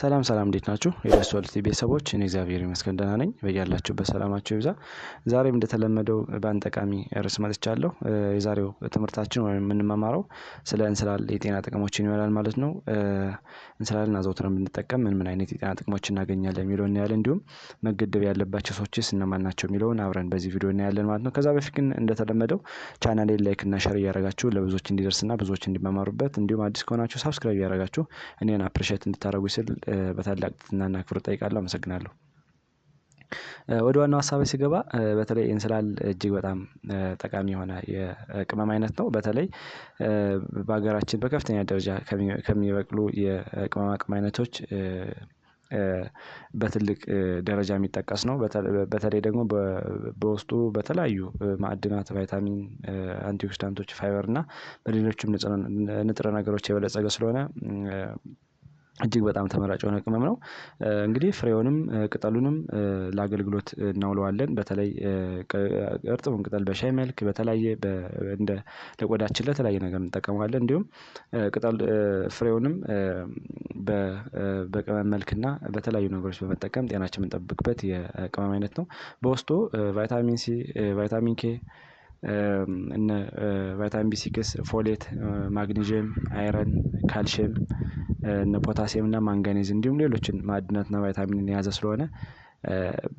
ሰላም ሰላም እንዴት ናችሁ? የደስቶልቲ ቤተሰቦች እኔ እግዚአብሔር ይመስገን ደህና ነኝ። በያላችሁ በሰላማችሁ ይብዛ። ዛሬም እንደተለመደው በአንድ ጠቃሚ ርዕስ መጥቻለሁ። የዛሬው ትምህርታችን ወይም የምንመማረው ስለ እንስላል የጤና ጥቅሞችን ይሆናል ማለት ነው። እንስላልን አዘውትረን ብንጠቀም ምን ምን አይነት የጤና ጥቅሞች እናገኛለን የሚለው እናያለን። እንዲሁም መገደብ ያለባቸው ሰዎችስ እነማን ናቸው የሚለውን አብረን በዚህ ቪዲዮ እናያለን ማለት ነው። ከዛ በፊት ግን እንደተለመደው ቻናሌን ላይክ እና ሸር እያረጋችሁ ለብዙዎች እንዲደርስና ብዙዎች እንዲመማሩበት እንዲሁም አዲስ ከሆናችሁ ሳብስክራይብ እያረጋችሁ እኔን አፕሪሼት እንድታደረጉ ስል በታላቅ ትህትናና ክብር ጠይቃለሁ። አመሰግናለሁ። ወደ ዋናው ሀሳቤ ሲገባ በተለይ እንስላል እጅግ በጣም ጠቃሚ የሆነ የቅመም አይነት ነው። በተለይ በሀገራችን በከፍተኛ ደረጃ ከሚበቅሉ የቅመማ ቅመም አይነቶች በትልቅ ደረጃ የሚጠቀስ ነው። በተለይ ደግሞ በውስጡ በተለያዩ ማዕድናት ቫይታሚን አንቲኦክሲዳንቶች ፋይበር እና በሌሎችም ንጥረ ነገሮች የበለፀገ ስለሆነ እጅግ በጣም ተመራጭ የሆነ ቅመም ነው። እንግዲህ ፍሬውንም ቅጠሉንም ለአገልግሎት እናውለዋለን። በተለይ እርጥቡን ቅጠል በሻይ መልክ በተለያየ እንደ ለቆዳችን ለተለያየ ነገር እንጠቀመዋለን። እንዲሁም ቅጠል ፍሬውንም በቅመም መልክና በተለያዩ ነገሮች በመጠቀም ጤናችን የምንጠብቅበት የቅመም አይነት ነው። በውስጡ ቫይታሚን ሲ ቫይታሚን ኬ እነ ቫይታሚን ቢ ሲክስ፣ ፎሌት፣ ማግኒዥየም፣ አይረን፣ ካልሽየም እነ ፖታሲየም እና ማንጋኔዝ እንዲሁም ሌሎችን ማዕድናትና ቫይታሚንን የያዘ ስለሆነ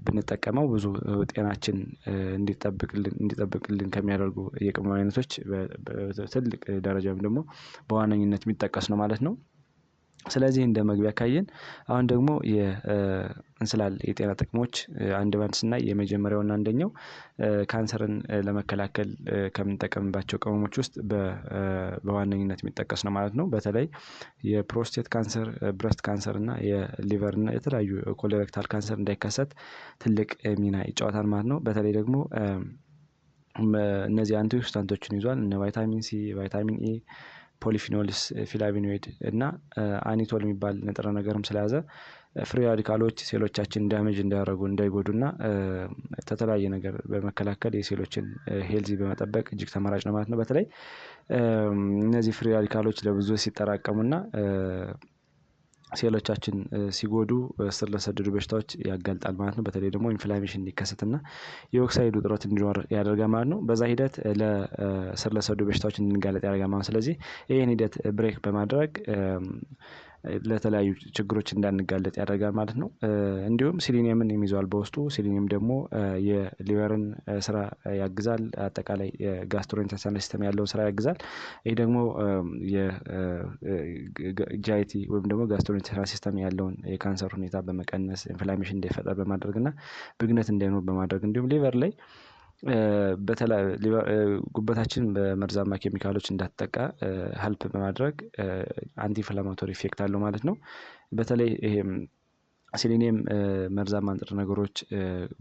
ብንጠቀመው ብዙ ጤናችን እንዲጠብቅልን ከሚያደርጉ የቅመም አይነቶች ትልቅ ደረጃ ደግሞ በዋነኝነት የሚጠቀስ ነው ማለት ነው። ስለዚህ እንደ መግቢያ ካየን አሁን ደግሞ የእንስላል የጤና ጥቅሞች አንድ ባንድ ስናይ የመጀመሪያውና አንደኛው ካንሰርን ለመከላከል ከምንጠቀምባቸው ቅመሞች ውስጥ በዋነኝነት የሚጠቀስ ነው ማለት ነው። በተለይ የፕሮስቴት ካንሰር፣ ብረስት ካንሰር እና የሊቨር እና የተለያዩ ኮሎሬክታል ካንሰር እንዳይከሰት ትልቅ ሚና ይጫወታል ማለት ነው። በተለይ ደግሞ እነዚህ አንቲኦክሲዳንቶችን ይዟል። እነ ቫይታሚን ሲ፣ ቫይታሚን ኤ ፖሊፊኖልስ፣ ፊላቪኖይድ እና አኒቶል የሚባል ንጥረ ነገርም ስለያዘ ፍሪ ራዲካሎች ሴሎቻችን ዳሜጅ እንዳይጎዱ እንዳይጎዱና ተተለያየ ነገር በመከላከል የሴሎችን ሄልዚ በመጠበቅ እጅግ ተመራጭ ነው ማለት ነው። በተለይ እነዚህ ፍሪ ራዲካሎች ለብዙ ሲጠራቀሙና ሴሎቻችን ሲጎዱ ስር ለሰደዱ በሽታዎች ያጋልጣል ማለት ነው። በተለይ ደግሞ ኢንፍላሜሽን እንዲከሰትና የኦክሳይድ ውጥረት እንዲኖር ያደርጋል ማለት ነው። በዛ ሂደት ለስር ለሰደዱ በሽታዎች እንድንጋለጥ ያደርጋል ማለት ነው። ስለዚህ ይህን ሂደት ብሬክ በማድረግ ለተለያዩ ችግሮች እንዳንጋለጥ ያደርጋል ማለት ነው። እንዲሁም ሲሊኒየምን ይዟል በውስጡ ሲሊኒየም ደግሞ የሊቨርን ስራ ያግዛል። አጠቃላይ የጋስትሮኢንተስታይናል ሲስተም ያለውን ስራ ያግዛል። ይህ ደግሞ የጂአይቲ ወይም ደግሞ ጋስትሮኢንተስታይናል ሲስተም ያለውን የካንሰር ሁኔታ በመቀነስ ኢንፍላሜሽን እንዳይፈጠር በማድረግ እና ብግነት እንዳይኖር በማድረግ እንዲሁም ሊቨር ላይ ጉበታችን በመርዛማ ኬሚካሎች እንዳትጠቃ ሀልፕ በማድረግ አንቲ ኢንፍላማቶሪ ኢፌክት አለው ማለት ነው። በተለይ ይሄ ሲሊኒየም መርዛማ ንጥረ ነገሮች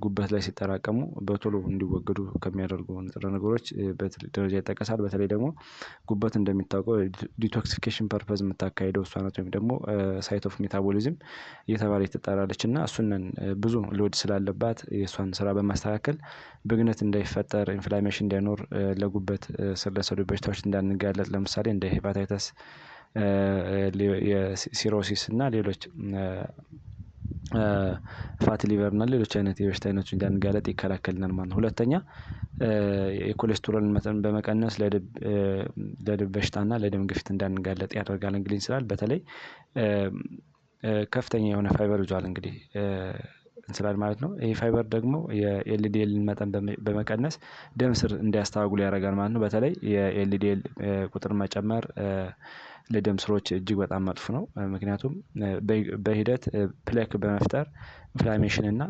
ጉበት ላይ ሲጠራቀሙ በቶሎ እንዲወገዱ ከሚያደርጉ ንጥረ ነገሮች ደረጃ ይጠቀሳል። በተለይ ደግሞ ጉበት እንደሚታወቀው ዲቶክሲፊኬሽን ፐርፐዝ የምታካሄደው እሷ ናት። ወይም ደግሞ ሳይት ኦፍ ሜታቦሊዝም እየተባለ ትጠራለች እና እሱንን ብዙ ሎድ ስላለባት የእሷን ስራ በማስተካከል ብግነት እንዳይፈጠር፣ ኢንፍላሜሽን እንዳይኖር፣ ለጉበት ስር ለሰዱ በሽታዎች እንዳንጋለጥ ለምሳሌ እንደ ሄፓታይተስ፣ ሲሮሲስ እና ሌሎች ፋት ሊቨር እና ሌሎች አይነት የበሽታ አይነቶች እንዳንጋለጥ ይከላከልናል ማለት ነው። ሁለተኛ የኮሌስትሮልን መጠን በመቀነስ ለልብ በሽታና ለደም ግፊት እንዳንጋለጥ ያደርጋል። እንግዲህ እንስላል በተለይ ከፍተኛ የሆነ ፋይበር ይዟል እንግዲህ እንስላል ማለት ነው። ይህ ፋይበር ደግሞ የኤልዲኤልን መጠን በመቀነስ ደም ስር እንዲያስተዋጉል ያደርጋል ማለት ነው። በተለይ የኤልዲኤል ቁጥር መጨመር ለደም ስሮች እጅግ በጣም መጥፎ ነው። ምክንያቱም በሂደት ፕሌክ በመፍጠር ኢንፍላሜሽን እና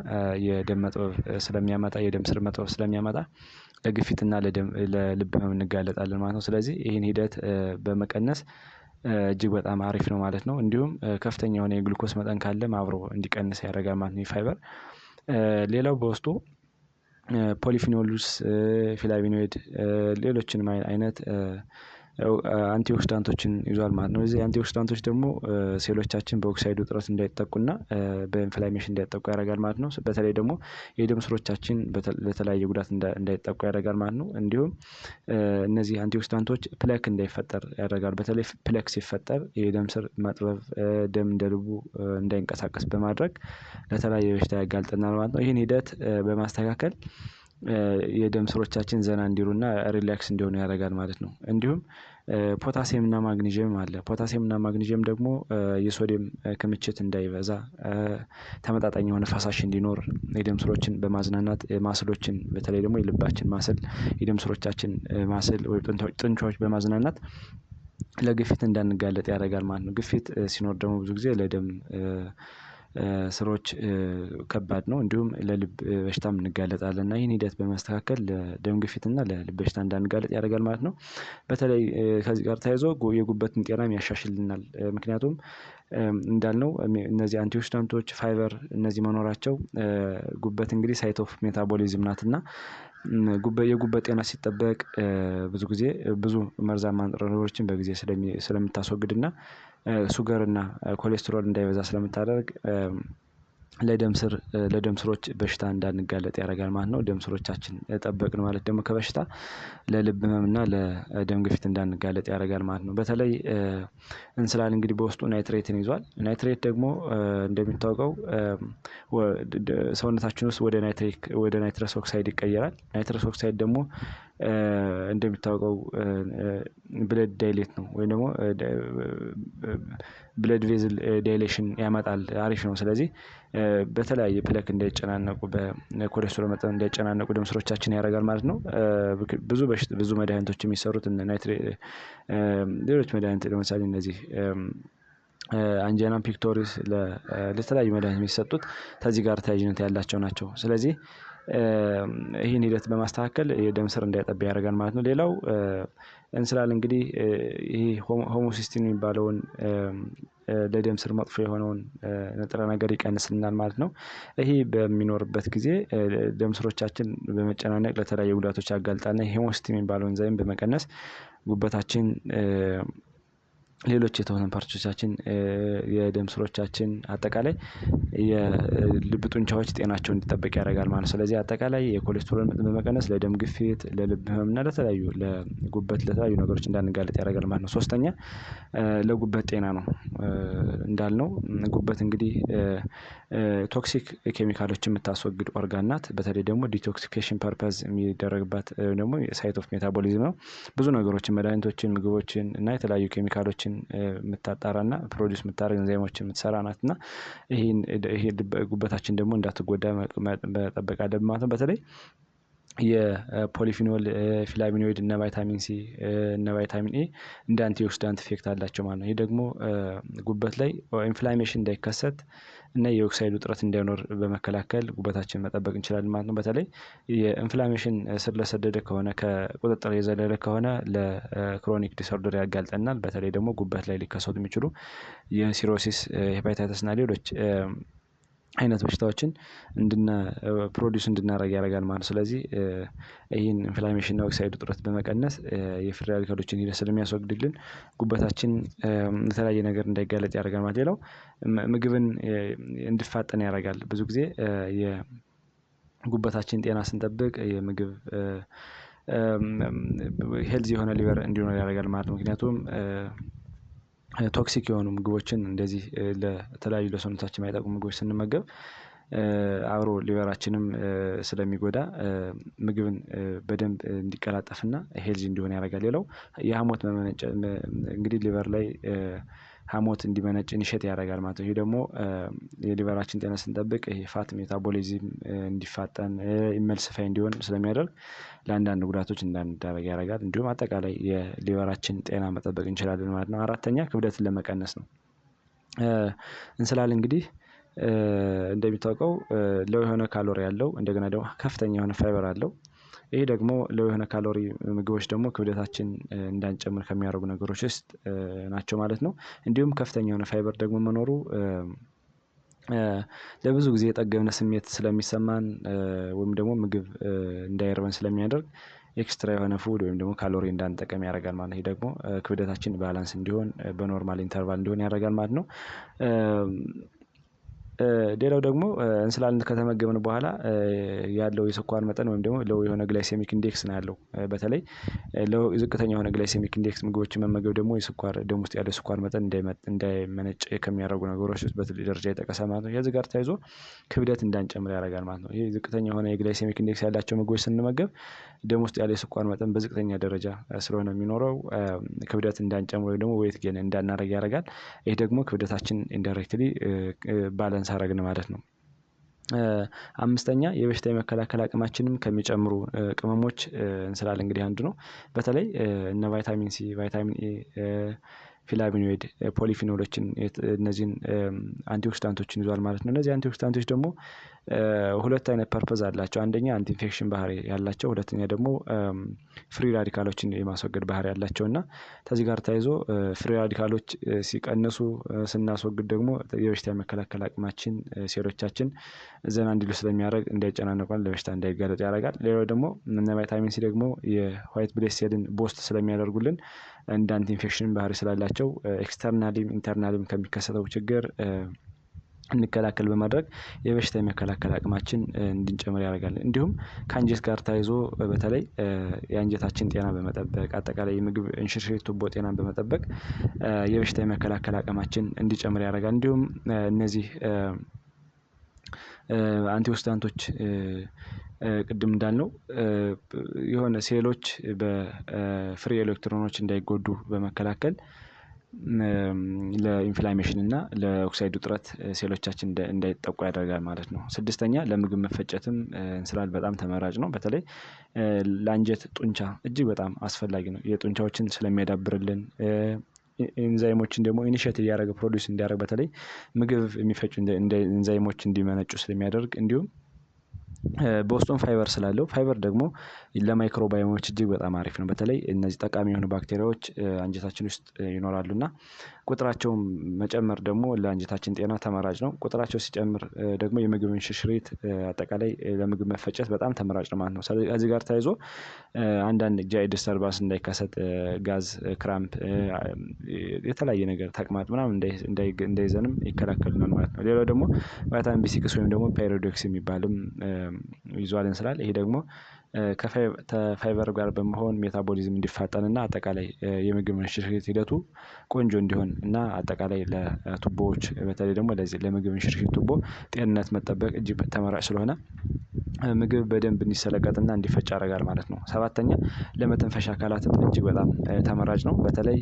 የደም መጥበብ ስለሚያመጣ የደም ስር መጥበብ ስለሚያመጣ ለግፊትና ለደም ለልብ ህመም እንጋለጣለን ማለት ነው። ስለዚህ ይህን ሂደት በመቀነስ እጅግ በጣም አሪፍ ነው ማለት ነው። እንዲሁም ከፍተኛ የሆነ የግሉኮስ መጠን ካለም አብሮ እንዲቀንስ ያደርጋል ማለት ነው። ፋይበር ሌላው በውስጡ ፖሊፊኖሉስ ፊላቪኖይድ ሌሎችንም አይነት አንቲኦክሲዳንቶችን ይዟል ማለት ነው። እዚህ አንቲኦክሲዳንቶች ደግሞ ሴሎቻችን በኦክሳይድ ውጥረት እንዳይጠቁና በኢንፍላሜሽን እንዳይጠቁ ያደርጋል ማለት ነው። በተለይ ደግሞ የደም ስሮቻችን ለተለያየ ጉዳት እንዳይጠቁ ያደርጋል ማለት ነው። እንዲሁም እነዚህ አንቲኦክሲዳንቶች ፕለክ እንዳይፈጠር ያደርጋል። በተለይ ፕለክ ሲፈጠር የደም ስር መጥበብ፣ ደም እንደ ልቡ እንዳይንቀሳቀስ በማድረግ ለተለያየ በሽታ ያጋልጠናል ማለት ነው። ይህን ሂደት በማስተካከል የደም ስሮቻችን ዘና እንዲሉና ሪላክስ እንዲሆኑ ያደርጋል ማለት ነው። እንዲሁም ና ማግኒዥየም አለ። ና ማግኒዥየም ደግሞ የሶዲየም ክምችት እንዳይበዛ፣ ተመጣጣኝ የሆነ ፈሳሽ እንዲኖር፣ የደም ስሮችን በማዝናናት ማስሎችን በተለይ ደግሞ የልባችን ማስል የደም ስሮቻችን ማስል ወይ ጥንቻዎች በማዝናናት ለግፊት እንዳንጋለጥ ያደርጋል ማለት ነው። ግፊት ሲኖር ደግሞ ብዙ ጊዜ ለደም ስሮች ከባድ ነው። እንዲሁም ለልብ በሽታም እንጋለጣለን እና ይህን ሂደት በማስተካከል ለደም ግፊት እና ለልብ በሽታ እንዳንጋለጥ ያደርጋል ማለት ነው። በተለይ ከዚህ ጋር ተያይዞ የጉበትን ጤናም ያሻሽልናል። ምክንያቱም እንዳልነው እነዚህ አንቲኦክሲዳንቶች ፋይበር እነዚህ መኖራቸው ጉበት እንግዲህ ሳይት ኦፍ ሜታቦሊዝም ናት እና የጉበት ጤና ሲጠበቅ ብዙ ጊዜ ብዙ መርዛማ ንጥረ ነገሮችን በጊዜ ስለምታስወግድና ሱገር እና ኮሌስትሮል እንዳይበዛ ስለምታደርግ ለደም ስሮች በሽታ እንዳንጋለጥ ያደርጋል ማለት ነው። ደም ስሮቻችን ጠበቅን ማለት ደግሞ ከበሽታ ለልብ ህመም እና ለደም ግፊት እንዳንጋለጥ ያደርጋል ማለት ነው። በተለይ እንስላል እንግዲህ በውስጡ ናይትሬትን ይዟል። ናይትሬት ደግሞ እንደሚታወቀው ሰውነታችን ውስጥ ወደ ወደ ናይትረስ ኦክሳይድ ይቀየራል። ናይትረስ ኦክሳይድ ደግሞ እንደሚታወቀው ብለድ ዳይሌት ነው ወይም ደግሞ ብለድ ቬዝል ዳይሌሽን ያመጣል። አሪፍ ነው። ስለዚህ በተለያየ ፕለክ እንዳይጨናነቁ በኮሌስትሮል መጠን እንዳይጨናነቁ ደም ስሮቻችን ያደርጋል ማለት ነው። ብዙ በሽታ ብዙ መድኃኒቶች የሚሰሩት ሌሎች መድኃኒት ለምሳሌ እነዚህ አንጀናም ፒክቶሪስ ለተለያዩ መድኃኒት የሚሰጡት ከዚህ ጋር ተያያዥነት ያላቸው ናቸው። ስለዚህ ይህን ሂደት በማስተካከል የደም ስር እንዳይጠባ ያደርጋል ማለት ነው። ሌላው እንስላል እንግዲህ ይህ ሆሞሲስቲን የሚባለውን ለደም ስር መጥፎ የሆነውን ንጥረ ነገር ይቀንስልናል ማለት ነው። ይሄ በሚኖርበት ጊዜ ደም ስሮቻችን በመጨናነቅ ለተለያዩ ጉዳቶች ያጋልጣልና ይሄ ሆሞሲስቲን የሚባለውን ዛይም በመቀነስ ጉበታችን ሌሎች የተወሰኑ ፓርቶቻችን የደም ስሮቻችን አጠቃላይ የልብ ጡንቻዎች ጤናቸው እንዲጠበቅ ያደርጋል ማለት ነው። ስለዚህ አጠቃላይ የኮሌስትሮል መጠን በመቀነስ ለደም ግፊት ለልብ ህመም እና ለተለያዩ ለጉበት ለተለያዩ ነገሮች እንዳንጋለጥ ያደርጋል ማለት ነው። ሶስተኛ ለጉበት ጤና ነው። እንዳልነው ጉበት እንግዲህ ቶክሲክ ኬሚካሎችን የምታስወግድ ኦርጋን ናት። በተለይ ደግሞ ዲቶክሲኬሽን ፐርፐዝ የሚደረግባት ደግሞ ሳይት ኦፍ ሜታቦሊዝም ነው። ብዙ ነገሮችን መድሃኒቶችን ምግቦችን እና የተለያዩ ኬሚካሎችን የምታጣራ እና ፕሮዲስ የምታደረግ ኢንዛይሞችን የምትሰራ ናት እና ይሄ ጉበታችን ደግሞ እንዳትጎዳ መጠበቅ አለብን ማለት ነው። በተለይ የፖሊፊኖል ፊላሚኖይድ እነ ቫይታሚን ሲ እነ ቫይታሚን ኤ እንደ አንቲኦክሲዳንት ኢፌክት አላቸው ማለት ነው። ይህ ደግሞ ጉበት ላይ ኢንፍላሜሽን እንዳይከሰት እና የኦክሳይድ ውጥረት እንዳይኖር በመከላከል ጉበታችን መጠበቅ እንችላለን ማለት ነው። በተለይ የኢንፍላሜሽን ስር ለሰደደ ከሆነ ከቁጥጥር የዘለለ ከሆነ ለክሮኒክ ዲስኦርደር ያጋልጠናል። በተለይ ደግሞ ጉበት ላይ ሊከሰቱ የሚችሉ የሲሮሲስ ሄፓታይተስ እና ሌሎች አይነት በሽታዎችን እንድና ፕሮዲዩስ እንድናደርግ ያደርጋል ማለት ስለዚህ ይህን ኢንፍላሜሽን እና ኦክሳይድ ውጥረት በመቀነስ የፍሪ ራዲካሎችን ሂደት ስለሚያስወግድልን ጉበታችን የተለያየ ነገር እንዳይጋለጥ ያደርጋል ማለት። ሌላው ምግብን እንዲፋጠን ያደርጋል። ብዙ ጊዜ የጉበታችን ጤና ስንጠብቅ የምግብ ሄልዝ የሆነ ሊቨር እንዲኖር ያደርጋል ማለት ምክንያቱም ቶክሲክ የሆኑ ምግቦችን እንደዚህ ለተለያዩ ለሰውነታችን የማይጠቅሙ ምግቦች ስንመገብ አብሮ ሊቨራችንም ስለሚጎዳ ምግብን በደንብ እንዲቀላጠፍና ሄልዚ እንዲሆን ያደርጋል። ሌላው የሀሞት መመነጨት እንግዲህ ሊቨር ላይ ሀሞት እንዲመነጭ ንሸት ያደርጋል ማለት ነው። ይሄ ደግሞ የሊቨራችን ጤና ስንጠብቅ ይሄ ፋት ሜታቦሊዝም እንዲፋጠን ኢመልስፋይ እንዲሆን ስለሚያደርግ ለአንዳንድ ጉዳቶች እንዳንዳረግ ያደርጋል። እንዲሁም አጠቃላይ የሊቨራችን ጤና መጠበቅ እንችላለን ማለት ነው። አራተኛ ክብደትን ለመቀነስ ነው። እንስላል እንግዲህ እንደሚታወቀው ለው የሆነ ካሎሪ አለው እንደገና ደግሞ ከፍተኛ የሆነ ፋይበር አለው ይሄ ደግሞ ለሆነ ካሎሪ ምግቦች ደግሞ ክብደታችን እንዳንጨምር ከሚያደርጉ ነገሮች ውስጥ ናቸው ማለት ነው። እንዲሁም ከፍተኛ የሆነ ፋይበር ደግሞ መኖሩ ለብዙ ጊዜ የጠገብነ ስሜት ስለሚሰማን ወይም ደግሞ ምግብ እንዳይርበን ስለሚያደርግ ኤክስትራ የሆነ ፉድ ወይም ደግሞ ካሎሪ እንዳንጠቀም ያደርጋል ማለት ይሄ ይህ ደግሞ ክብደታችን ባላንስ እንዲሆን በኖርማል ኢንተርቫል እንዲሆን ያደርጋል ማለት ነው። ሌላው ደግሞ እንስላልን ከተመገብን በኋላ ያለው የስኳር መጠን ወይም ደግሞ ለው የሆነ ግላይሴሚክ ኢንዴክስ ነው ያለው። በተለይ ዝቅተኛ የሆነ ግላይሴሚክ ኢንዴክስ ምግቦችን መመገብ ደግሞ የስኳር ደም ውስጥ ያለው ስኳር መጠን እንዳይመነጭ ከሚያደርጉ ነገሮች ውስጥ በትልቅ ደረጃ የጠቀሰ ማለት ነው። የዚህ ጋር ተያይዞ ክብደት እንዳንጨምር ያደርጋል ማለት ነው። ይህ ዝቅተኛ የሆነ የግላይሴሚክ ኢንዴክስ ያላቸው ምግቦች ስንመገብ ደም ውስጥ ያለው የስኳር መጠን በዝቅተኛ ደረጃ ስለሆነ የሚኖረው ክብደት እንዳንጨምር ወይም ደግሞ ወይት ጌን እንዳናደርግ ያደርጋል። ይህ ደግሞ ክብደታችን ኢንዳይሬክትሊ ባላንስ ባላንስ አረግን ማለት ነው። አምስተኛ የበሽታ የመከላከል አቅማችንም ከሚጨምሩ ቅመሞች እንስላል እንግዲህ አንዱ ነው። በተለይ እነ ቫይታሚን ሲ ቫይታሚን ኤ ፊላሚኖይድ ፖሊፊኖሎችን እነዚህን አንቲኦክሲዳንቶችን ይዟል ማለት ነው። እነዚህ አንቲኦክሲዳንቶች ደግሞ ሁለት አይነት ፐርፐዝ አላቸው። አንደኛ አንቲ ኢንፌክሽን ባህሪ ያላቸው፣ ሁለተኛ ደግሞ ፍሪ ራዲካሎችን የማስወገድ ባህሪ ያላቸው እና ከዚህ ጋር ተያይዞ ፍሪ ራዲካሎች ሲቀንሱ ስናስወግድ ደግሞ የበሽታ የመከላከል አቅማችን ሴሎቻችን ዘና እንዲሉ ስለሚያደርግ እንዳይጨናነቋል ለበሽታ እንዳይጋለጥ ያደርጋል። ሌላው ደግሞ እነ ቫይታሚን ሲ ደግሞ የዋይት ብሌስ ሴልን ቦስት ስለሚያደርጉልን እንደ አንቲ ኢንፌክሽን ባህሪ ስላላቸው ኤክስተርናሊም ኢንተርናሊም ከሚከሰተው ችግር እንከላከል በማድረግ የበሽታ የመከላከል አቅማችን እንድንጨምር ያደርጋል። እንዲሁም ከአንጀት ጋር ተያይዞ በተለይ የአንጀታችን ጤና በመጠበቅ አጠቃላይ የምግብ እንሽርሽሪት ቱቦ ጤናን በመጠበቅ የበሽታ የመከላከል አቅማችን እንዲጨምር ያደርጋል። እንዲሁም እነዚህ አንቲኦክሲዳንቶች ቅድም እንዳልነው የሆነ ሴሎች በፍሪ ኤሌክትሮኖች እንዳይጎዱ በመከላከል ለኢንፍላሜሽን እና ለኦክሳይድ ውጥረት ሴሎቻችን እንዳይጠቁ ያደርጋል ማለት ነው። ስድስተኛ ለምግብ መፈጨትም እንስላል በጣም ተመራጭ ነው። በተለይ ለአንጀት ጡንቻ እጅግ በጣም አስፈላጊ ነው። የጡንቻዎችን ስለሚያዳብርልን ኢንዛይሞችን ደግሞ ኢኒሼት እያደረገ ፕሮዲስ እንዲያደርግ በተለይ ምግብ የሚፈጩ ኢንዛይሞች እንዲመነጩ ስለሚያደርግ እንዲሁም በውስጡም ፋይበር ስላለው ፋይበር ደግሞ ለማይክሮባዮሞች እጅግ በጣም አሪፍ ነው። በተለይ እነዚህ ጠቃሚ የሆኑ ባክቴሪያዎች አንጀታችን ውስጥ ይኖራሉ እና ቁጥራቸውም መጨመር ደግሞ ለአንጀታችን ጤና ተመራጭ ነው። ቁጥራቸው ሲጨምር ደግሞ የምግብ እንሽርሽሪት አጠቃላይ ለምግብ መፈጨት በጣም ተመራጭ ነው ማለት ነው። ከዚህ ጋር ተያይዞ አንዳንድ ጂአይ ዲስተርባንስ እንዳይከሰት ጋዝ፣ ክራምፕ፣ የተለያየ ነገር ተቅማጥ ምናምን እንዳይዘንም ይከላከሉናል ማለት ነው። ሌላው ደግሞ ቫይታሚን ቢሲክስ ወይም ደግሞ ፓይሮዶክስ የሚባልም ይዟል እንስላል። ይሄ ደግሞ ከፋይበር ጋር በመሆን ሜታቦሊዝም እንዲፋጠን እና አጠቃላይ የምግብ እንሽርሽሪት ሂደቱ ቆንጆ እንዲሆን እና አጠቃላይ ለቱቦዎች በተለይ ደግሞ ለዚህ ለምግብ እንሽርሽሪት ቱቦ ጤንነት መጠበቅ እጅግ ተመራጭ ስለሆነ ምግብ በደንብ እንዲሰለቀጥና እንዲፈጭ ያደርጋል ማለት ነው። ሰባተኛ ለመተንፈሻ አካላትም እጅግ በጣም ተመራጭ ነው። በተለይ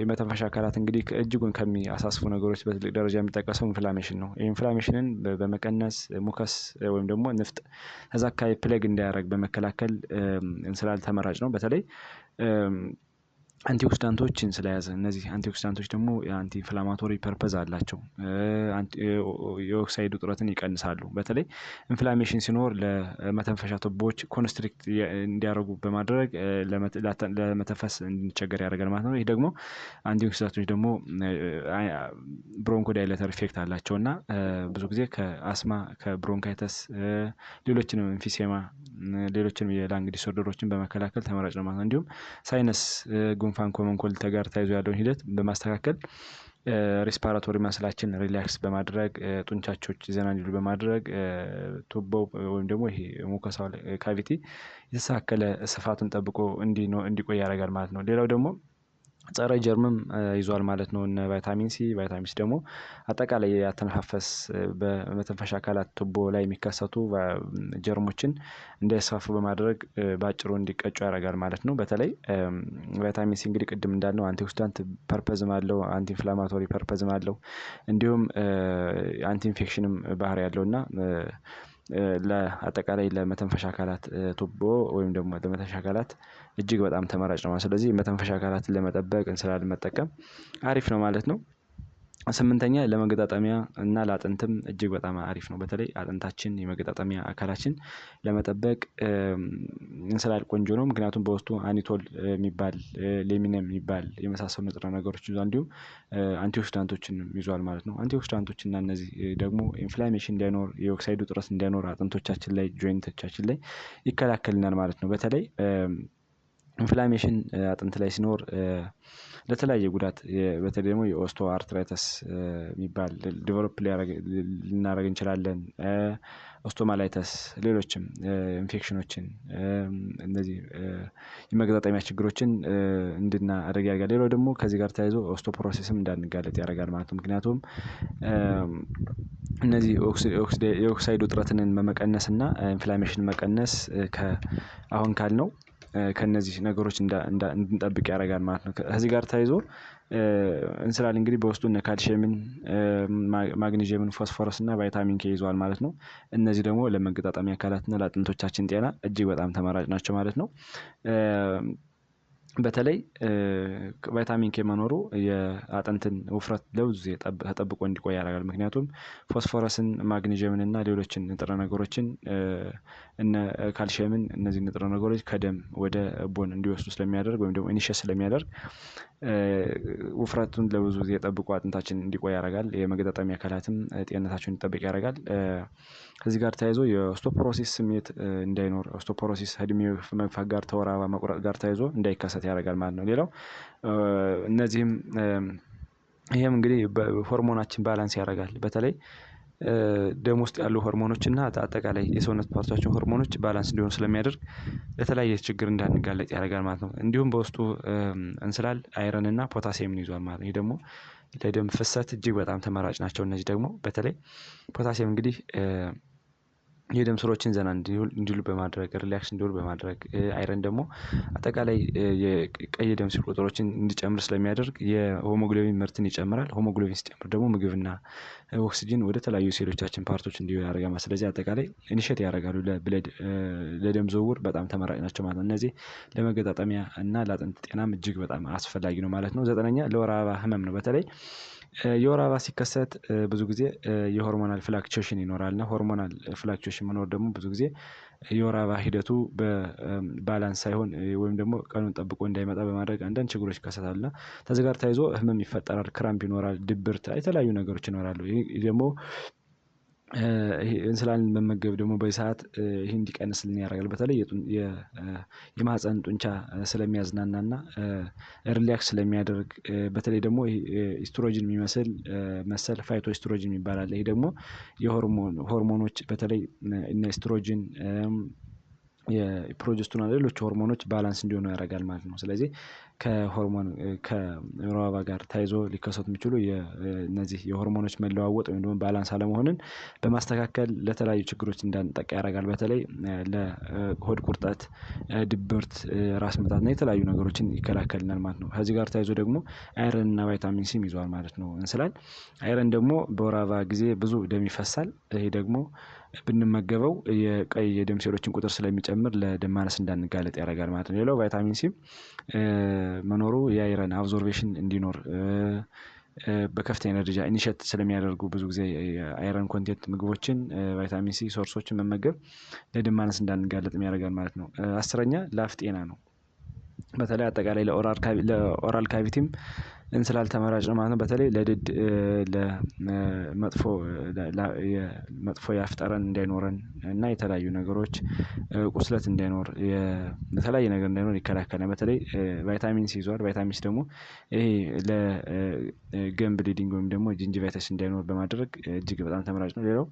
የመተንፈሻ አካላት እንግዲህ እጅጉን ከሚያሳስፉ ነገሮች በትልቅ ደረጃ የሚጠቀሰው ኢንፍላሜሽን ነው። ኢንፍላሜሽንን በመቀነስ ሙከስ ወይም ደግሞ ንፍጥ እዛ አካባቢ ፕለግ እንዳያደርግ በመከላከል እንስላል ተመራጭ ነው። በተለይ አንቲኦክሲዳንቶችን ስለያዘ እነዚህ አንቲኦክሲዳንቶች ደግሞ የአንቲኢንፍላማቶሪ ኢንፍላማቶሪ ፐርፐዝ አላቸው። የኦክሳይድ ውጥረትን ይቀንሳሉ። በተለይ ኢንፍላሜሽን ሲኖር ለመተንፈሻ ቱቦዎች ኮንስትሪክት እንዲያደርጉ በማድረግ ለመተንፈስ እንዲቸገር ያደርጋል ማለት ነው። ይህ ደግሞ አንቲኦክሲዳንቶች ደግሞ ብሮንኮ ኢፌክት አላቸው እና ብዙ ጊዜ ከአስማ ከብሮንካይተስ ሌሎችንም ኢንፊሴማ ሌሎችንም የላንግ ዲስኦርደሮችን በመከላከል ተመራጭ ነው ማለት ነው። እንዲሁም ሳይነስ ከጉንፋን ከመንኮልት ጋር ተያይዞ ያለውን ሂደት በማስተካከል ሬስፓራቶሪ መስላችን ሪላክስ በማድረግ ጡንቻቾች ዘና እንዲሉ በማድረግ ቱቦ ወይም ደግሞ ይሄ ሙከሳው ካቪቲ የተስተካከለ ስፋቱን ጠብቆ እንዲቆይ ያደርጋል ማለት ነው። ሌላው ደግሞ ጸረ ጀርምም ይዟል ማለት ነው። እነ ቫይታሚን ሲ ቫይታሚን ሲ ደግሞ አጠቃላይ ያተነፋፈስ በመተንፈሻ አካላት ቱቦ ላይ የሚከሰቱ ጀርሞችን እንዳይስፋፉ በማድረግ በአጭሩ እንዲቀጩ ያደርጋል ማለት ነው። በተለይ ቫይታሚን ሲ እንግዲህ ቅድም እንዳልነው አንቲኦክሲዳንት ፐርፐዝም አለው አንቲ ኢንፍላማቶሪ ፐርፐዝም አለው እንዲሁም አንቲ ኢንፌክሽንም ባህሪ ያለው እና ለአጠቃላይ ለመተንፈሻ አካላት ቱቦ ወይም ደግሞ ለመተንፈሻ አካላት እጅግ በጣም ተመራጭ ነው። ስለዚህ መተንፈሻ አካላትን ለመጠበቅ እንስላል መጠቀም አሪፍ ነው ማለት ነው ስምንተኛ ለመገጣጠሚያ እና ለአጥንትም እጅግ በጣም አሪፍ ነው። በተለይ አጥንታችን የመገጣጠሚያ አካላችን ለመጠበቅ እንስላል ቆንጆ ነው። ምክንያቱም በውስጡ አኒቶል የሚባል ሌሚነም የሚባል የመሳሰሉ ንጥረ ነገሮች ይዟል እንዲሁም አንቲኦክሲዳንቶችን ይዟል ማለት ነው። አንቲኦክሲዳንቶች እና እነዚህ ደግሞ ኢንፍላሜሽን እንዳይኖር የኦክሳይዱ ጥረት እንዳይኖር አጥንቶቻችን ላይ ጆይንቶቻችን ላይ ይከላከልናል ማለት ነው። በተለይ ኢንፍላሜሽን አጥንት ላይ ሲኖር ለተለያየ ጉዳት በተለይ ደግሞ የኦስቶ አርትራይተስ የሚባል ዲቨሎፕ ልናደረግ እንችላለን። ኦስቶማላይተስ ሌሎችም ኢንፌክሽኖችን እነዚህ የመገጣጠሚያ ችግሮችን እንድናደርግ ያደርጋል። ሌላው ደግሞ ከዚህ ጋር ተያይዞ ፕሮሴስም እንዳንጋለጥ ያደርጋል ማለት ነው። ምክንያቱም እነዚህ የኦክሳይድ ውጥረትን መቀነስ እና ኢንፍላሜሽን መቀነስ ከአሁን ካልነው ከነዚህ ነገሮች እንድንጠብቅ ያደርጋል ማለት ነው። ከዚህ ጋር ተያይዞ እንስላል እንግዲህ በውስጡ እነ ካልሽየምን ማግኒዥየምን ፎስፎረስ እና ቫይታሚን ኬ ይዟል ማለት ነው። እነዚህ ደግሞ ለመገጣጠሚያ አካላትና ለአጥንቶቻችን ጤና እጅግ በጣም ተመራጭ ናቸው ማለት ነው። በተለይ ቫይታሚን ኬ መኖሩ የአጥንትን ውፍረት ለብዙ ጊዜ ተጠብቆ እንዲቆይ ያደርጋል። ምክንያቱም ፎስፎረስን፣ ማግኔዥየምን እና ሌሎችን ንጥረ ነገሮችን እነ ካልሽየምን እነዚህ ንጥረ ነገሮች ከደም ወደ ቦን እንዲወስዱ ስለሚያደርግ ወይም ደግሞ ኢኒሽስ ስለሚያደርግ ውፍረቱን ለብዙ ጊዜ ጠብቆ አጥንታችን እንዲቆይ ያደርጋል። የመገጣጠሚ አካላትም ጤንነታቸውን እንዲጠብቅ ያደርጋል። ከዚህ ጋር ተያይዞ የኦስቶፖሮሲስ ስሜት እንዳይኖር ኦስቶፖሮሲስ እድሜ መግፋት ጋር፣ ተወር መቁረጥ ጋር ተያይዞ እንዳይከሰት ያደርጋል ማለት ነው። ሌላው እነዚህም ይህም እንግዲህ ሆርሞናችን ባላንስ ያደርጋል በተለይ ደም ውስጥ ያሉ ሆርሞኖች እና አጠቃላይ የሰውነት ፓርቶቻችን ሆርሞኖች ባላንስ እንዲሆኑ ስለሚያደርግ ለተለያየ ችግር እንዳንጋለጥ ያደርጋል ማለት ነው። እንዲሁም በውስጡ እንስላል አይረን እና ፖታሲየምን ይዟል ማለት ነው። ይህ ደግሞ ለደም ፍሰት እጅግ በጣም ተመራጭ ናቸው። እነዚህ ደግሞ በተለይ ፖታሲየም እንግዲህ የደም ስሮችን ዘና እንዲሉ በማድረግ ሪላክስ እንዲሉ በማድረግ አይረን ደግሞ አጠቃላይ የቀይ ደም ስር ቁጥሮችን እንዲጨምር ስለሚያደርግ የሆሞግሎቢን ምርትን ይጨምራል። ሆሞግሎቢን ሲጨምር ደግሞ ምግብና ኦክሲጂን ወደ ተለያዩ ሴሎቻችን ፓርቶች እንዲሆን ያደርጋል። ስለዚህ አጠቃላይ ኢኒሼት ያደርጋሉ ለደም ዝውውር በጣም ተመራጭ ናቸው ማለት ነው። እነዚህ ለመገጣጠሚያ እና ለአጥንት ጤናም እጅግ በጣም አስፈላጊ ነው ማለት ነው። ዘጠነኛ ለወር አበባ ህመም ነው። በተለይ የወር አበባ ሲከሰት ብዙ ጊዜ የሆርሞናል ፍላክቹዌሽን ይኖራል እና ሆርሞናል ፍላክቹዌሽን መኖር ደግሞ ብዙ ጊዜ የወር አበባ ሂደቱ በባላንስ ሳይሆን ወይም ደግሞ ቀኑን ጠብቆ እንዳይመጣ በማድረግ አንዳንድ ችግሮች ይከሰታል እና ከዚህ ጋር ተያይዞ ህመም ይፈጠራል፣ ክራምፕ ይኖራል፣ ድብርት የተለያዩ ነገሮች ይኖራሉ። ይህ ደግሞ እንስላልን መመገብ ደግሞ በሰአት ይሄ እንዲቀንስልን ያደርጋል። በተለይ የማህፀን ጡንቻ ስለሚያዝናና ስለሚያዝናናና ሪላክስ ስለሚያደርግ በተለይ ደግሞ ይሄ ኢስትሮጅን የሚመስል መሰል ፋይቶ ኢስትሮጅን ይባላል። ይሄ ደግሞ የሆርሞን ሆርሞኖች በተለይ እነ ኢስትሮጅን የፕሮጀስቱን ሌሎች ሆርሞኖች ባላንስ እንዲሆኑ ያደርጋል ማለት ነው። ስለዚህ ከሆርሞን ከወር አበባ ጋር ተያይዞ ሊከሰቱ የሚችሉ እነዚህ የሆርሞኖች መለዋወጥ ወይም ደግሞ ባላንስ አለመሆንን በማስተካከል ለተለያዩ ችግሮች እንዳንጠቃ ያደርጋል። በተለይ ለሆድ ቁርጠት ድብርት ራስ ምታት እና የተለያዩ ነገሮችን ይከላከልናል ማለት ነው። ከዚህ ጋር ተያይዞ ደግሞ አይረን እና ቫይታሚን ሲም ይዘዋል ማለት ነው። እንስላል አይረን ደግሞ በወር አበባ ጊዜ ብዙ ደም ይፈሳል ይሄ ደግሞ ብንመገበው የቀይ የደም ሴሎችን ቁጥር ስለሚጨምር ለደም ማነስ እንዳንጋለጥ ያደርጋል ማለት ነው። ሌላው ቫይታሚን ሲም መኖሩ የአይረን አብዞርቬሽን እንዲኖር በከፍተኛ ደረጃ ኢኒሸት ስለሚያደርጉ ብዙ ጊዜ አይረን ኮንቴንት ምግቦችን ቫይታሚን ሲ ሶርሶችን መመገብ ለደም ማነስ እንዳንጋለጥ ያደርጋል ማለት ነው። አስረኛ ለአፍ ጤና ነው። በተለይ አጠቃላይ ለኦራል ካቪቲም እንስላል ተመራጭ ነው ማለት ነው። በተለይ ለድድ ለመጥፎ መጥፎ የአፍ እንዳይኖረን እና የተለያዩ ነገሮች ቁስለት እንዳይኖር የተለያየ ነገር እንዳይኖር ይከላከላል። በተለይ ቫይታሚን ሲ ይዟል ቫይታሚን ሲ ደግሞ ይሄ ለገም ብሊዲንግ ወይም ደግሞ ጂንጂቫይተስ እንዳይኖር በማድረግ እጅግ በጣም ተመራጭ ነው። ሌላው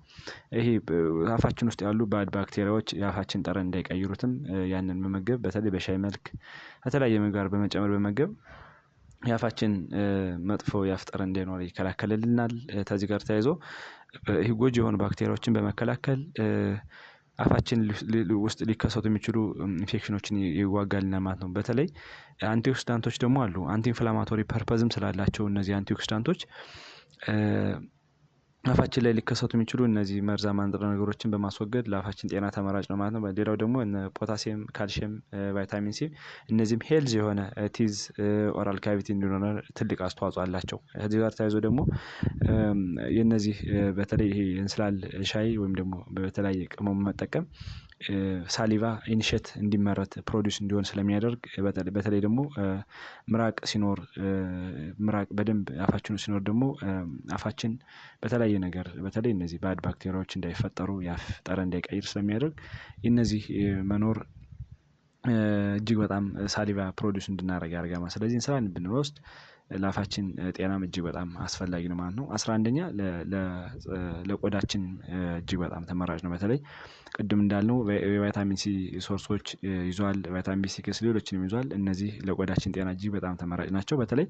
ይሄ አፋችን ውስጥ ያሉ ባድ ባክቴሪያዎች የአፋችን ጠረን እንዳይቀይሩትም ያንን መመገብ በተለይ በሻይ መልክ ከተለያየ ምግብ ጋር በመጨመር መመገብ የአፋችን መጥፎ የአፍ ጠረን እንዳይኖር ይከላከልልናል። ከዚህ ጋር ተያይዞ ይህ ጎጂ የሆኑ ባክቴሪያዎችን በመከላከል አፋችን ውስጥ ሊከሰቱ የሚችሉ ኢንፌክሽኖችን ይዋጋልና ማለት ነው። በተለይ አንቲኦክሲዳንቶች ደግሞ አሉ። አንቲ ኢንፍላማቶሪ ፐርፐዝም ስላላቸው እነዚህ አንቲኦክሲዳንቶች አፋችን ላይ ሊከሰቱ የሚችሉ እነዚህ መርዛማ ንጥረ ነገሮችን በማስወገድ ለአፋችን ጤና ተመራጭ ነው ማለት ነው። ሌላው ደግሞ ፖታሲየም፣ ካልሽየም፣ ቫይታሚን ሲ እነዚህም ሄልዝ የሆነ ቲዝ ኦራል ካቪቲ እንዲኖረ ትልቅ አስተዋጽኦ አላቸው። ከዚህ ጋር ተያይዞ ደግሞ የነዚህ በተለይ ይሄ እንስላል ሻይ ወይም ደግሞ በተለያየ ቅመሙ መጠቀም ሳሊቫ ኢንሸት እንዲመረት ፕሮዲስ እንዲሆን ስለሚያደርግ በተለይ ደግሞ ምራቅ ሲኖር ምራቅ በደንብ አፋችን ሲኖር ደግሞ አፋችን በተለያየ ነገር በተለይ እነዚህ ባድ ባክቴሪያዎች እንዳይፈጠሩ የአፍ ጠረን እንዳይቀይር ስለሚያደርግ እነዚህ መኖር እጅግ በጣም ሳሊቫ ፕሮዲስ እንድናደረግ ያደርገናል። ስለዚህ እንስራ ብንወስድ ለአፋችን ጤናም እጅግ በጣም አስፈላጊ ነው ማለት ነው። አስራ አንደኛ ለቆዳችን እጅግ በጣም ተመራጭ ነው። በተለይ ቅድም እንዳልነው የቫይታሚን ሲ ሶርሶች ይዟል ቫይታሚን ቢ ሲክስ ሌሎችንም ይዟል እነዚህ ለቆዳችን ጤና እጅግ በጣም ተመራጭ ናቸው። በተለይ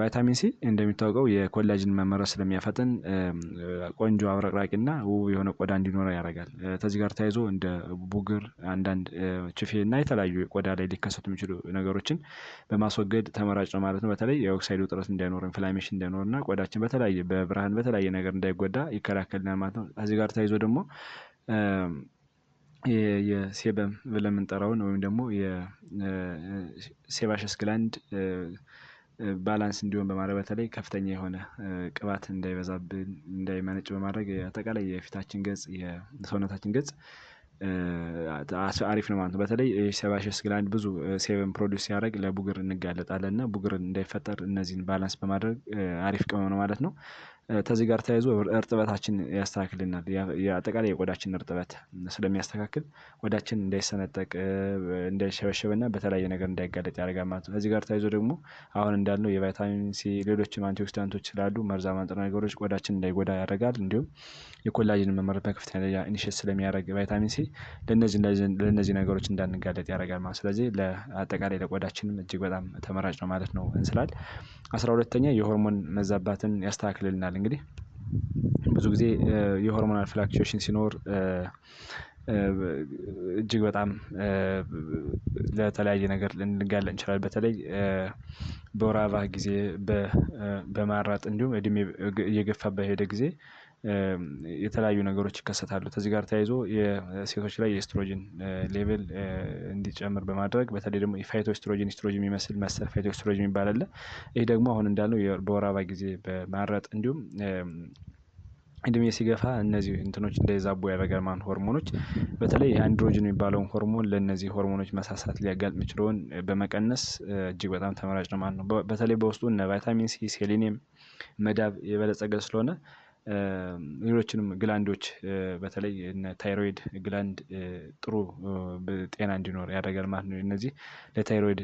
ቫይታሚን ሲ እንደሚታወቀው የኮላጅን መመረት ስለሚያፈጥን ቆንጆ አብረቅራቂና ውብ የሆነ ቆዳ እንዲኖረው ያደርጋል። ከዚህ ጋር ተያይዞ እንደ ቡግር አንዳንድ ችፌ እና የተለያዩ ቆዳ ላይ ሊከሰቱ የሚችሉ ነገሮችን በማስወገድ ተመራጭ ነው ማለት ነው በተለይ የኦክሳይድ ውጥረት እንዳይኖር ኢንፍላሜሽን እንዳይኖር እና ቆዳችን በተለያየ በብርሃን በተለያየ ነገር እንዳይጎዳ ይከላከልናል ማለት ነው። ከዚህ ጋር ተያይዞ ደግሞ የሴበም ብለን የምንጠራውን ወይም ደግሞ የሴባሸስ ግላንድ ባላንስ እንዲሆን በማድረግ በተለይ ከፍተኛ የሆነ ቅባት እንዳይበዛብን እንዳይመነጭ በማድረግ አጠቃላይ የፊታችን ገጽ የሰውነታችን ገጽ አሪፍ ነው ማለት ነው። በተለይ ሰባሸስ ግላንድ ብዙ ሴቨን ፕሮዲስ ሲያደርግ ለቡግር እንጋለጣለን እና ቡግር እንዳይፈጠር እነዚህን ባላንስ በማድረግ አሪፍ ቅመም ነው ማለት ነው። ተዚህ ጋር ተያይዞ እርጥበታችን ያስተካክልናል አጠቃላይ የቆዳችን እርጥበት ስለሚያስተካክል ቆዳችን እንዳይሰነጠቅ እንዳይሸበሸብና በተለያየ ነገር እንዳይጋለጥ ያደርጋል ማለት ነው። ከዚህ ጋር ተያይዞ ደግሞ አሁን እንዳልነው የቫይታሚን ሲ ሌሎችም አንቲኦክሲዳንቶች ስላሉ መርዛማ ንጥረ ነገሮች ቆዳችን እንዳይጎዳ ያደርጋል። እንዲሁም የኮላጅን መመረት በከፍተኛ ደረጃ ኢኒሼት ስለሚያደርግ ቫይታሚን ሲ ለእነዚህ ነገሮች እንዳንጋለጥ ያደርጋል ማለት ስለዚህ ለአጠቃላይ ለቆዳችንም እጅግ በጣም ተመራጭ ነው ማለት ነው። እንስላል አስራ ሁለተኛ የሆርሞን መዛባትን ያስተካክልልናል ይሆናል። እንግዲህ ብዙ ጊዜ የሆርሞናል ፍላክቹዌሽን ሲኖር እጅግ በጣም ለተለያየ ነገር ልንጋለጥ እንችላለን። በተለይ በወር አበባ ጊዜ በማራጥ እንዲሁም እድሜ እየገፋ በሄደ ጊዜ የተለያዩ ነገሮች ይከሰታሉ። ከዚህ ጋር ተያይዞ የሴቶች ላይ የኤስትሮጅን ሌቭል እንዲጨምር በማድረግ በተለይ ደግሞ የፋይቶ ኤስትሮጅን የሚመስል መሰል ፋይቶስትሮጅን ኤስትሮጅን የሚባል አለ። ይሄ ደግሞ አሁን እንዳለው በወር አበባ ጊዜ በማረጥ እንዲሁም እድሜ ሲገፋ እነዚህ እንትኖች እንዳይዛቡ ያደርጋል ማለት ሆርሞኖች በተለይ አንድሮጅን የሚባለውን ሆርሞን ለእነዚህ ሆርሞኖች መሳሳት ሊያጋልጥ የሚችለውን በመቀነስ እጅግ በጣም ተመራጭ ነው ማለት ነው። በተለይ በውስጡ እነ ቫይታሚን ሲ ሴሊኒየም መዳብ የበለጸገ ስለሆነ ሌሎችንም ግላንዶች በተለይ ታይሮይድ ግላንድ ጥሩ ጤና እንዲኖር ያደርጋል ማለት ነው። እነዚህ ለታይሮይድ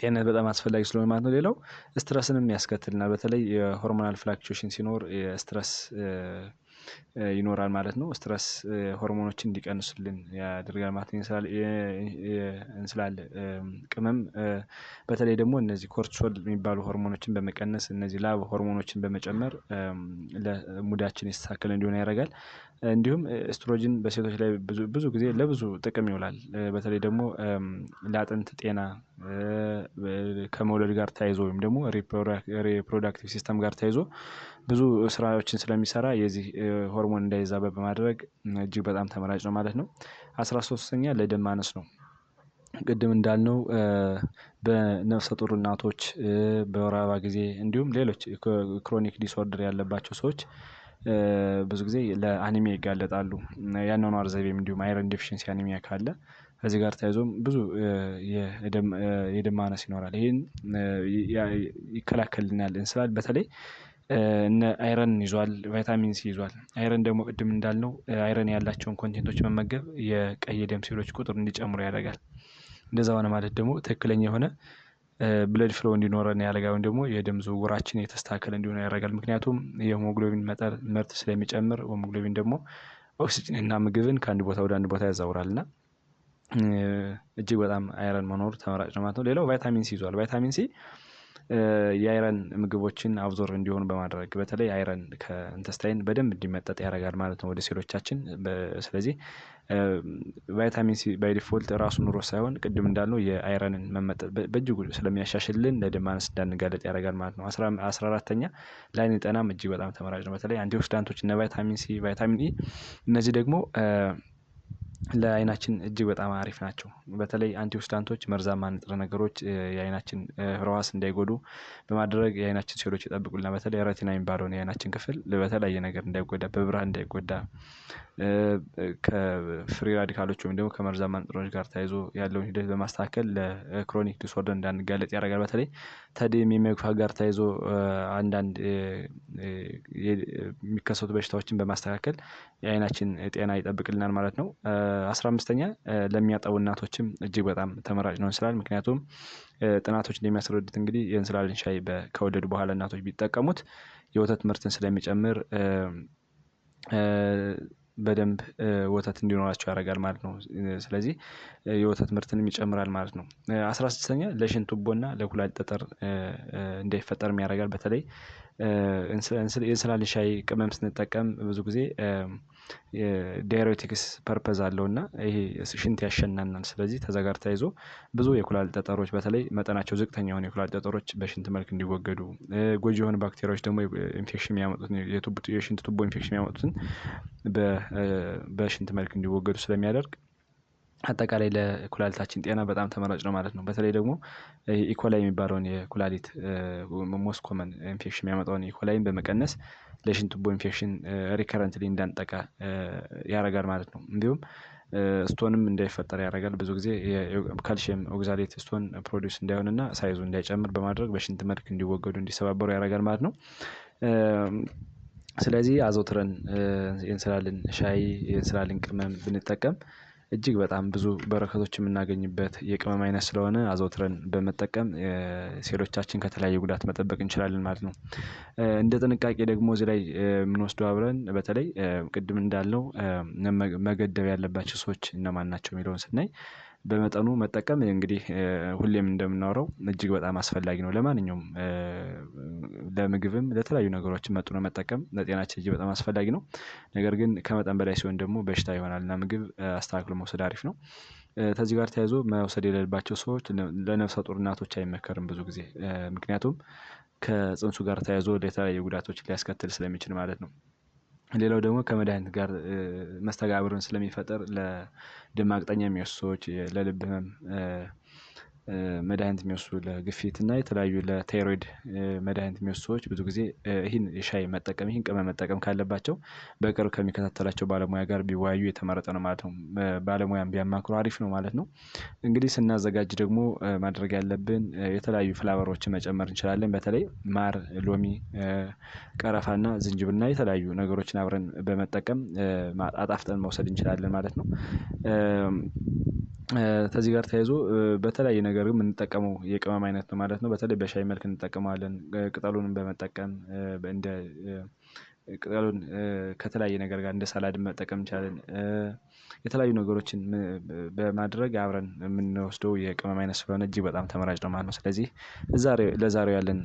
ጤንነት በጣም አስፈላጊ ስለሆነ ማለት ነው። ሌላው ስትረስንም ያስከትልናል በተለይ የሆርሞናል ፍላክቹዌሽን ሲኖር ስትረስ ይኖራል ማለት ነው። ስትረስ ሆርሞኖችን እንዲቀንሱልን ያደርጋል ማለት እንስላል ቅመም በተለይ ደግሞ እነዚህ ኮርቲሶል የሚባሉ ሆርሞኖችን በመቀነስ እነዚህ ላብ ሆርሞኖችን በመጨመር ለሙዳችን የተስተካከለ እንዲሆን ያደርጋል። እንዲሁም ስትሮጅን በሴቶች ላይ ብዙ ጊዜ ለብዙ ጥቅም ይውላል በተለይ ደግሞ ለአጥንት ጤና ከመውለድ ጋር ተያይዞ ወይም ደግሞ ሪፕሮዳክቲቭ ሲስተም ጋር ተያይዞ ብዙ ስራዎችን ስለሚሰራ የዚህ ሆርሞን እንዳይዛባ በማድረግ እጅግ በጣም ተመራጭ ነው ማለት ነው። አስራ ሶስተኛ ለደም ማነስ ነው። ቅድም እንዳልነው በነፍሰ ጡር እናቶች በወር አበባ ጊዜ እንዲሁም ሌሎች ክሮኒክ ዲስኦርደር ያለባቸው ሰዎች ብዙ ጊዜ ለአኒሚያ ይጋለጣሉ የአኗኗር ዘይቤም እንዲሁም አይረን ዲፊሽንሲ አኒሚያ ካለ ከዚህ ጋር ተያይዞም ብዙ የደም ማነስ ይኖራል ይህን ይከላከልናል እንስላል በተለይ እነ አይረን ይዟል፣ ቫይታሚን ሲ ይዟል። አይረን ደግሞ ቅድም እንዳልነው አይረን ያላቸውን ኮንቴንቶች መመገብ የቀይ ደም ሴሎች ቁጥር እንዲጨምሩ ያደርጋል። እንደዛ ሆነ ማለት ደግሞ ትክክለኛ የሆነ ብለድ ፍሎ እንዲኖረን ያደርጋል፣ ወይም ደግሞ የደም ዝውውራችን የተስተካከለ እንዲሆን ያደርጋል። ምክንያቱም የሆሞግሎቢን መጠን ምርት ስለሚጨምር፣ ሆሞግሎቢን ደግሞ እና ምግብን ከአንድ ቦታ ወደ አንድ ቦታ እና እጅግ በጣም አይረን መኖሩ ተመራጭ ነው ማለት ነው። ሌላው ቫይታሚን ሲ ይዟል። ቫይታሚን ሲ የአይረን ምግቦችን አብዞር እንዲሆኑ በማድረግ በተለይ አይረን ከኢንተስታይን በደንብ እንዲመጠጥ ያደርጋል ማለት ነው ወደ ሴሎቻችን። ስለዚህ ቫይታሚን ሲ ባይ ዲፎልት ራሱ ኑሮ ሳይሆን ቅድም እንዳልነው የአይረንን መመጠጥ በእጅጉ ስለሚያሻሽልን ለደም ማነስ እንዳንጋለጥ ያደርጋል ማለት ነው። አስራ አራተኛ ለአይን ጤናም እጅግ በጣም ተመራጭ ነው። በተለይ አንቲኦክሲዳንቶች እነ ቫይታሚን ሲ ቫይታሚን ኢ እነዚህ ደግሞ ለአይናችን እጅግ በጣም አሪፍ ናቸው። በተለይ አንቲኦክሲዳንቶች መርዛማ ንጥረ ነገሮች የአይናችን ህዋስ እንዳይጎዱ በማድረግ የአይናችን ሴሎች ይጠብቁልናል። በተለይ ረቲና የሚባለውን የአይናችን ክፍል በተለያየ ነገር እንዳይጎዳ በብርሃን እንዳይጎዳ ከፍሪ ራዲካሎች ወይም ደግሞ ከመርዛማ ንጥረ ነገሮች ጋር ተያይዞ ያለውን ሂደት በማስተካከል ለክሮኒክ ዲስኦርደር እንዳንጋለጥ ያደርጋል። በተለይ ተደም የመግፋት ጋር ተያይዞ አንዳንድ የሚከሰቱ በሽታዎችን በማስተካከል የአይናችን ጤና ይጠብቅልናል ማለት ነው። አስራ አምስተኛ ለሚያጠቡ እናቶችም እጅግ በጣም ተመራጭ ነው እንስላል ምክንያቱም ጥናቶች እንደሚያስረዱት እንግዲህ የእንስላልን ሻይ ከወለዱ በኋላ እናቶች ቢጠቀሙት የወተት ምርትን ስለሚጨምር በደንብ ወተት እንዲኖራቸው ያደርጋል ማለት ነው። ስለዚህ የወተት ምርትንም ይጨምራል ማለት ነው። አስራ ስድስተኛ ለሽንት ቱቦና ለኩላሊት ጠጠር እንዳይፈጠርም ያደርጋል በተለይ የእንስላል ሻይ ቅመም ስንጠቀም ብዙ ጊዜ ዳይሬቲክስ ፐርፐዝ አለው እና ይሄ ሽንት ያሸናናል። ስለዚህ ከዛ ጋር ተያይዞ ብዙ የኩላሊት ጠጠሮች በተለይ መጠናቸው ዝቅተኛ የሆኑ የኩላሊት ጠጠሮች በሽንት መልክ እንዲወገዱ ጎጂ የሆኑ ባክቴሪያዎች ደግሞ ኢንፌክሽን የሚያመጡትን የሽንት ቱቦ ኢንፌክሽን የሚያመጡትን በሽንት መልክ እንዲወገዱ ስለሚያደርግ አጠቃላይ ለኩላሊታችን ጤና በጣም ተመራጭ ነው ማለት ነው። በተለይ ደግሞ ኢኮላይ የሚባለውን የኩላሊት ሞስት ኮመን ኢንፌክሽን የሚያመጣውን ኢኮላይን በመቀነስ ለሽንት ቱቦ ኢንፌክሽን ሪከረንትሊ እንዳንጠቃ ያደርጋል ማለት ነው። እንዲሁም ስቶንም እንዳይፈጠር ያደርጋል ብዙ ጊዜ ካልሽየም ኦግዛሌት ስቶን ፕሮዲውስ እንዳይሆንና ሳይዙ እንዳይጨምር በማድረግ በሽንት መልክ እንዲወገዱ እንዲሰባበሩ ያደርጋል ማለት ነው። ስለዚህ አዘውትረን የእንስላልን ሻይ የእንስላልን ቅመም ብንጠቀም እጅግ በጣም ብዙ በረከቶች የምናገኝበት የቅመም አይነት ስለሆነ አዘውትረን በመጠቀም ሴሎቻችን ከተለያየ ጉዳት መጠበቅ እንችላለን ማለት ነው። እንደ ጥንቃቄ ደግሞ እዚህ ላይ የምንወስደው አብረን በተለይ ቅድም እንዳለው መገደብ ያለባቸው ሰዎች እነማን ናቸው የሚለውን ስናይ በመጠኑ መጠቀም እንግዲህ ሁሌም እንደምናወራው እጅግ በጣም አስፈላጊ ነው። ለማንኛውም ለምግብም ለተለያዩ ነገሮችን መጥኖ መጠቀም ለጤናችን እጅግ በጣም አስፈላጊ ነው። ነገር ግን ከመጠን በላይ ሲሆን ደግሞ በሽታ ይሆናል እና ምግብ አስተካክሎ መውሰድ አሪፍ ነው። ከዚህ ጋር ተያይዞ መውሰድ የሌለባቸው ሰዎች ለነፍሰ ጡር እናቶች አይመከርም ብዙ ጊዜ ምክንያቱም ከፅንሱ ጋር ተያይዞ ለተለያዩ ጉዳቶች ሊያስከትል ስለሚችል ማለት ነው ሌላው ደግሞ ከመድሃኒት ጋር መስተጋብርን ስለሚፈጥር ለደም ማቅጠኛ የሚወስድ ሰዎች ለልብ ህመም መድሃኒት የሚወስዱ ለግፊት እና የተለያዩ ለታይሮይድ መድሃኒት የሚወስዱ ሰዎች ብዙ ጊዜ ይህን ሻይ መጠቀም ይህን ቅመም መጠቀም ካለባቸው በቅርብ ከሚከታተላቸው ባለሙያ ጋር ቢወያዩ የተመረጠ ነው ማለት ነው። ባለሙያም ቢያማክሩ አሪፍ ነው ማለት ነው። እንግዲህ ስናዘጋጅ ደግሞ ማድረግ ያለብን የተለያዩ ፍላበሮችን መጨመር እንችላለን በተለይ ማር ሎሚ ቀረፋና እና የተለያዩ ነገሮችን አብረን በመጠቀም አጣፍጠን መውሰድ እንችላለን ማለት ነው። ከዚህ ጋር ተያይዞ በተለያየ ነገር ግን የምንጠቀመው የቅመም አይነት ነው ማለት ነው። በተለይ በሻይ መልክ እንጠቀመዋለን ቅጠሉንም በመጠቀም እንደ ቅጠሉን ከተለያየ ነገር ጋር እንደ ሰላድ መጠቀም እንችላለን። የተለያዩ ነገሮችን በማድረግ አብረን የምንወስደው የቅመም አይነት ስለሆነ እጅግ በጣም ተመራጭ ነው ማለት ነው። ስለዚህ ለዛሬው ያለን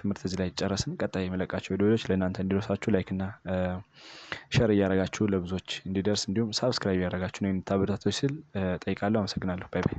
ትምህርት እዚህ ላይ ጨረስን ቀጣይ የምለቃቸው ቪዲዮዎች ለእናንተ እንዲደርሳችሁ ላይክ እና ሼር እያደረጋችሁ ለብዙዎች እንዲደርስ እንዲሁም ሳብስክራይብ እያደረጋችሁ ነው የምታበረታቱኝ ስል ጠይቃለሁ። አመሰግናለሁ ባይ ባይ